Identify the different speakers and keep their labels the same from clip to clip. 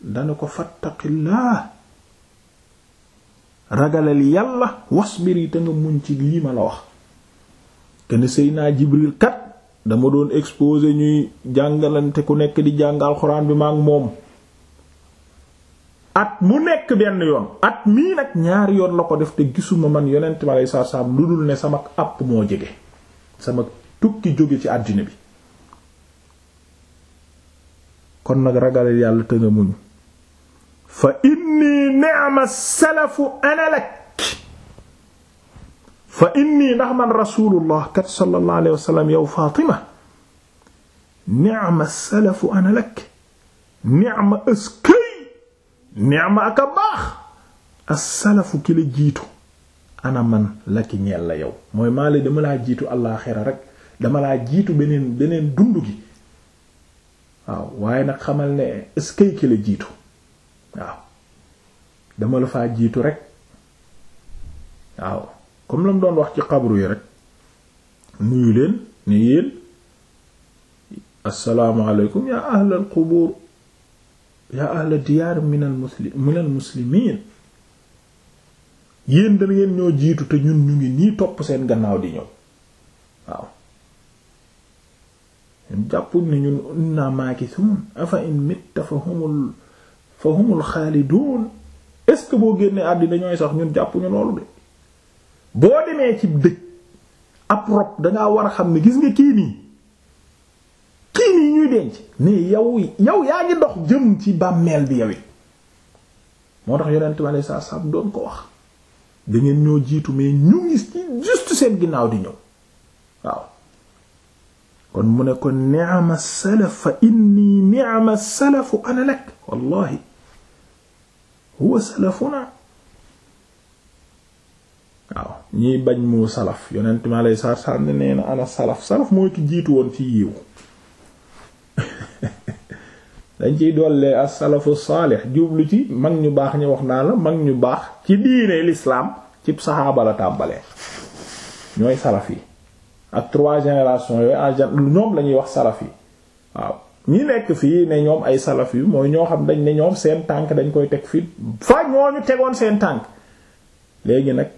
Speaker 1: dana ko fattaqillah ragalal yàlla wasbiri te nga muñ ci lii ma la wax kenn Seydina Jibril kat dama doon exposé ñuy jàngalante ku nekk di jàng alxuraan bi ma ak moom at mu nekk benn yoon at mii nag ñaari yoon la ko def te gisuma man yonent ma lay saa saam lu dul ne sama àpp moo jege sama tukki jóge ci àddina bi kon nag ragalal yàlla te nga muñ fa inni ni'ma salafu ana lak fa inni ndax man rasulullah kat sallallahu alayhi wasallam yow Fatima ni'ma aka baax as ki la jiitu ana man laki ñeel la yow mooy maa la dama laa jiitu àllaaxira rek dama laa jiitu beneen beneen dund gi waaw waaye nag xamal ne ëskëy ki la jiitu waaw dama la faa jiitu rek waaw comme la mu doon wax ci xabru yi rek nuyu leen ne yéen asalaamaaleykum yaa ahlal qubuur yaa ahla diyaar minal muslim minal muslimiin yéen da ngeen ñoo jiitu te ñun ñu ngi nii topp seen gannaaw di ñëw waaw ñun jàppuñ ne ñun inna maakisuun afa in mitta fa humul fa humul xaalidun est-ce que boo génnee àddina ñooy sax ñun jàppuñu ñu loolu de boo demee ci dëkk ab rob dangaa war a xam ne gis nga kii nii kii nii ñuy denc ne yow yow yaa ngi dox jëm ci bàmmeel bi yow moo tax yonent ma lay saa saab doon ko wax dangeen ñoo jiitu mais ñu ngi ci juste seen ginnaaw di ñëw waaw kon mu ne ko ni'ama salaf fa inni ni'ama salafu ana lak wallahi huwa salafuna waaw ñiy bañ moo salaf yonent ma lay saar saar ne nee na salaf salaf mooy ki jiitu woon ci yiw dañ ciy dollee as salafu saalix jublu ci mag ñu baax ñu wax naa la mag ñu baax ci diine l'islam ci saxaaba la tàmbalee ñooy salaf yi ak trois générations yooyu en ñoom la wax salaf yi waaw ñi nekk fii ne ñoom ay salaf yu mooy ñoo xam dañ ne ñoom seen tànk dañ koy teg fii fa ñooñu tegoon seen tànk léegi nag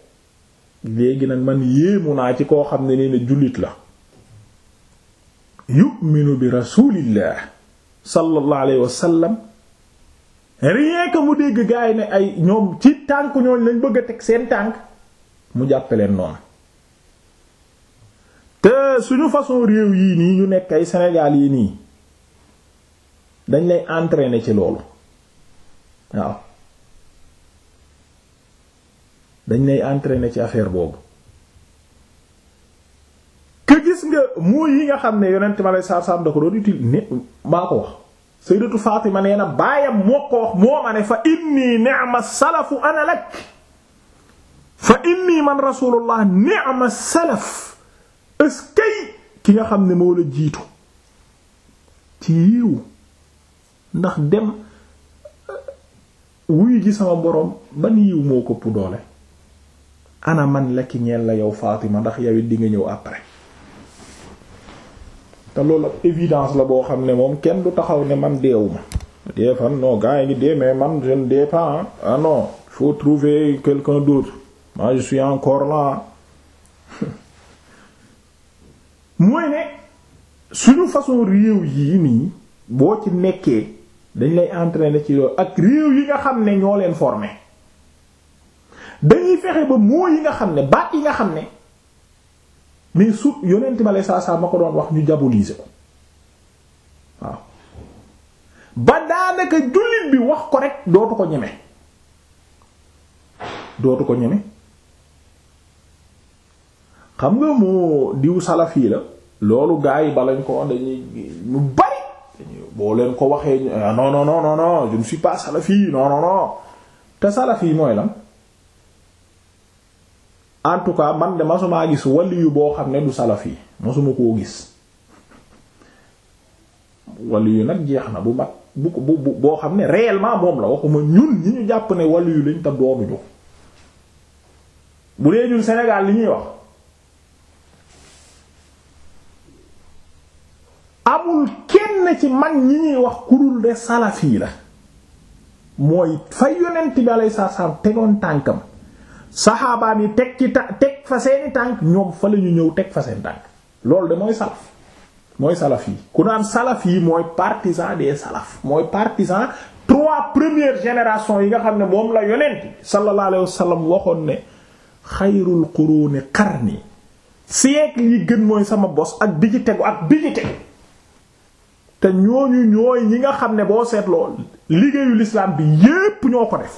Speaker 1: léegi nag man yéemu naa ci koo xam ne ni ne jullit la yu'minu bi rasulillah sallallahu alayhi wasallam rien que mu dégg gaay ne ay ñoom ci tànk ñooñ lañ bëgg a teg seen tànk mu jàppe leen noonu te suñu façon réew yii nii ñu nekk ay Sénégal yi nii dañ lay entraîner ci loolu waaw dañ lay entraîner ci affaire boobu que gis nga mooy yi nga xam ne yonent ma lay saar-saam da ko doon utile ne maa ko wax sayyidatu Fatima nee na baayam moo ko wax moo ma ne fa inni ni'ma salafu ana lak fa inni man rasulullah ni'ma salaf ëskay ki nga xam ne moo la jiitu ci yiw ndax dem euh, wuyu ji sama borom ba yiw moo ko ëpp doole ana man lekk ñeel la yow Fatima ndax yow it di nga ñëw après te loolu ak évidence la boo xam ne moom kenn du taxaw ne man deewuma dee fan non gars yi ngi dee mais man je ne dee pas ah trouver quelqu'un d'autre moi je suis encore là mooy ne suñu façon réew yii nii boo ci nekkee dañ lay entraîner ci loolu ak réew yi nga xam ne ñoo leen forme dañuy fexe ba moo yi nga xam ne baat yi nga xam ne mais su yonent ma lay saa saa ma ko doon wax ñu diaboliser ko waaw ba daanaka jullit bi wax ko rek dootu ko ñeme dootu ko ñeme xam nga mu diw salaf yi la loolu gaa yi balañ ko dañuy ñu boo leen ko waxee ah, non non non non non je ne suis pas salafi non non non te salafi mooy lan en tout cas man de masumaa gis waliyu boo xam ne du salafi masuma koo gis waliyu nag jeex na bu mag bu bu boo xam ne réellement moom la waxuma ñun ñi ñu jàpp ne waliyu lañ te doonuñu bu dee ñun Sénégal li ñuy wax. ci mag ñi ñuy wax kurul de salafi la mooy fa yonent bi alayhi salaam tegoon tànkam saxaabaam yi teg ci ta teg fa seeni tànk ñoom fa la ñu ñëw teg fa seen tànk loolu de mooy salaf mooy salaf yi ku naan salaf yi mooy partisan des salaf mooy partisan trois première générations yi nga xam ne moom la yonent sallallahu alayhi wasallam waxoon ne xayrul quruni qarni siècle yi gën mooy sama bos ak bi ci tegu ak bi ci tegu te ñooñu ñooy ñi nga xam ne boo seetloo liggéeyu l'islam bi yépp ñoo ko def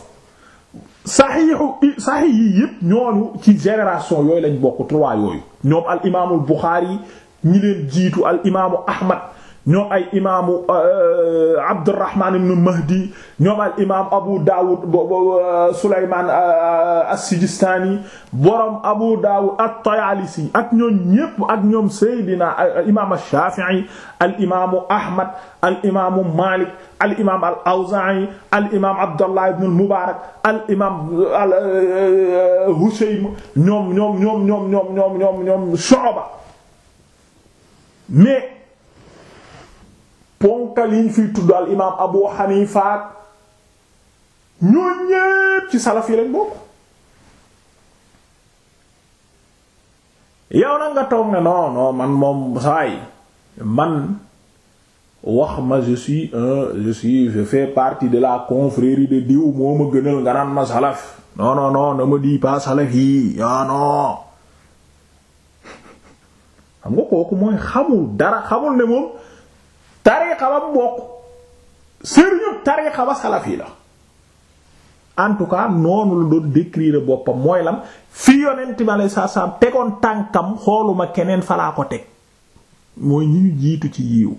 Speaker 1: saxiixu saxiix yi yépp ñooñu ci génération yooyu lañ bokk trois yooyu ñoom al imaamul Buxaari ñi leen jiitu al Ahmad ñoom ay imaamu euh, euh, Abdurrahman ibn Mahdi ñoom al imaam Abu Dawud euh, Sulaymaan as-Sijistaani borom Abu Dawud at-Tayaalisi ak ñoom ñépp ak ñoom Seydina imaam ash-Shaafi'i al imaamu Ahmad al imaamu Maalik al imaam al-Awzaa'i al imaam Abdullah ibn al-Mubaarak al imaam al Hushaym ñoom ñoom ñoom ñoom ñoom ñoom ñoom ñoom Shu'ba mais ponkal yiñ fiy tudd al imaam Abu Hanifa ñoo ñépp ci salaf yi lañ bokk yow nag nga toog ne non non man moom saay man wax ma je suis je suis je partie de la confrérie de diw moo ma gënal nga naan ma salaf non non non ne me salaf yi non xam nga kooku mooy xamul dara xamul ne moom tariixa ba mu bokk sëriñu tariixa ba salafi la en tout cas noonu la doon décrire boppam mooy lan fi yonent bi alayhi salaam tegoon tànkam xooluma keneen falaa ko teg mooy ñi jiitu ci yiw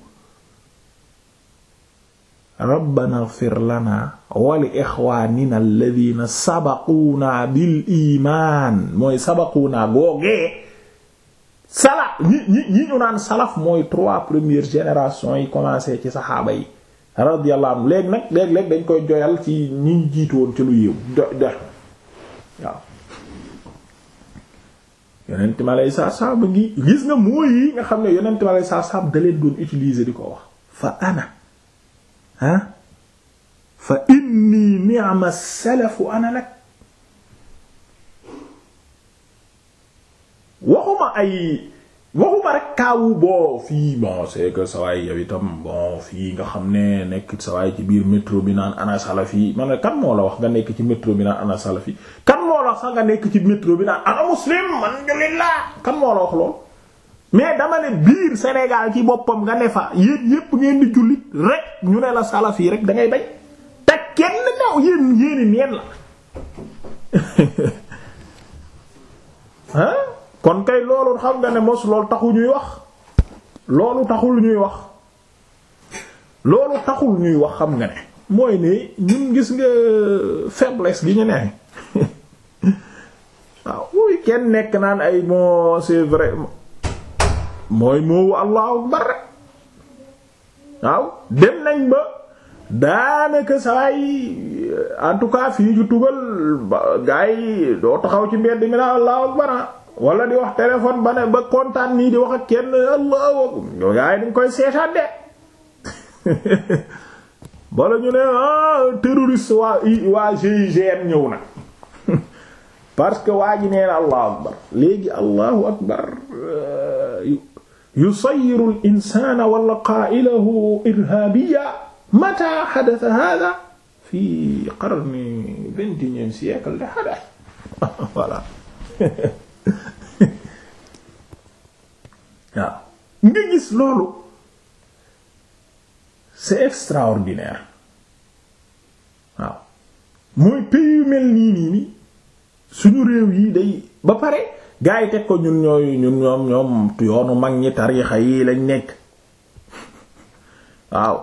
Speaker 1: rabbana ighfir lana wa li ixwaanina sabaquuna bil imaan mooy sabaquuna googee salaf ñi ñi ñi ñu naan salaf mooy trois premières générations yi commencé ci saxaaba yi radiyallahu anhu léegi nag léeg-léeg dañ koy joyal ci ñu jiitu woon ci lu yéew dox waaw yonent ma lay saa saab ngi gis nga mooy yi nga xam ne yonent ma lay saa saab da doon utiliser di ko wax fa ana ah fa inni ni'ma salafu ana lak waxuma ay waxuma rek kaawu boo fii bon c'est que sawaay yow itam bon fii nga xam ne nekk sawaay ci biir métro bi naan ana salafi man ne kan moo la wax nga nekk ci métro bi naan ana salafi kan moo la wax sax nga nekk ci métro bi naan ana muslim man jullit laa kan moo la wax lool mais dama ne biir Sénégal ci boppam nga ne fa yéen yépp ngeen jullit rek ñu ne la salafi rek dangay ngay bañ te kenn naw yéen yéeni neen la xam nga ne mos loolu taxu ñuy wax loolu taxul ñuy wax loolu taxul ñuy wax xam nga ne mooy nii ñun gis nga faiblesse gi ñu ne waaw uy kenn nekk naan ay moo c'est vrai mooy moowu allahu akbar waaw dem nañ ba daanaka saay en tout cas fii ju tugal gars yi doo taxaw ci mbedd mi naan allahu akbar wala di wax téléphone ba ne ba kontaan nii di wax ak kenn allahu yow yaa ngi koy seetaan bala ñu ne ah terroriste waa waa GIGN ñëw na parce que waa ji nee na akbar léegi allahu akbar eh, yusayyiru al wala qaa'iluhu irhaabiyya mata hadatha hadha fi qarni vingt-et-unième siècle de hadath nga gis loolu c'est extraordinaire waaw mooy pays yu mel nii nii suñu réew yi day ba pare gaa yi teg ko ñun ñooy ñun ñoom ñoom yoonu mag ñi tariixa yi lañ nekk waaw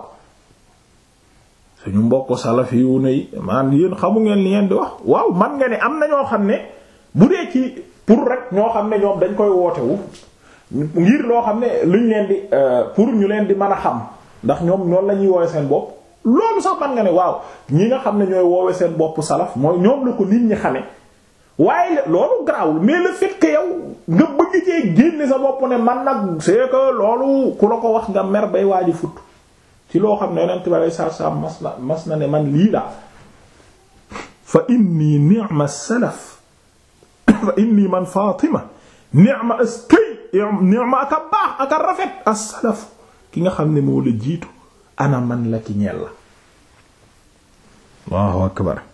Speaker 1: suñu mbokk salafi yu ne yi man yéen xamu ngeen li ngeen di wax waaw man nga ni am na ñoo xam ne bu dee ci pour rek ñoo xam ne ñoom dañ koy wootewu ngir loo xam ne luñ leen di euh, pour ñu leen di mën a xam ndax ñoom loolu lañuy ñuy woowe seen bopp loolu sax man nga ne waaw ñi nga xam ne ñooy woowe seen bopp salaf mooy ñoom la ko nit ñi xamee waaye loolu garaawul mais le fait yow nga bëgg cee sa bopp ne man nag c'est que ku la ko wax nga mer bay waaji fut ci loo xam ne yonent bi alei satu salaam mas na mas na ne man lii laa fa inni ni'ma salaf fa inni man Fatima ni'ma askay ni'ma aka baax aka rafet as ki nga xam ne moo la jiitu ana man la ki ñeel la allahu akbar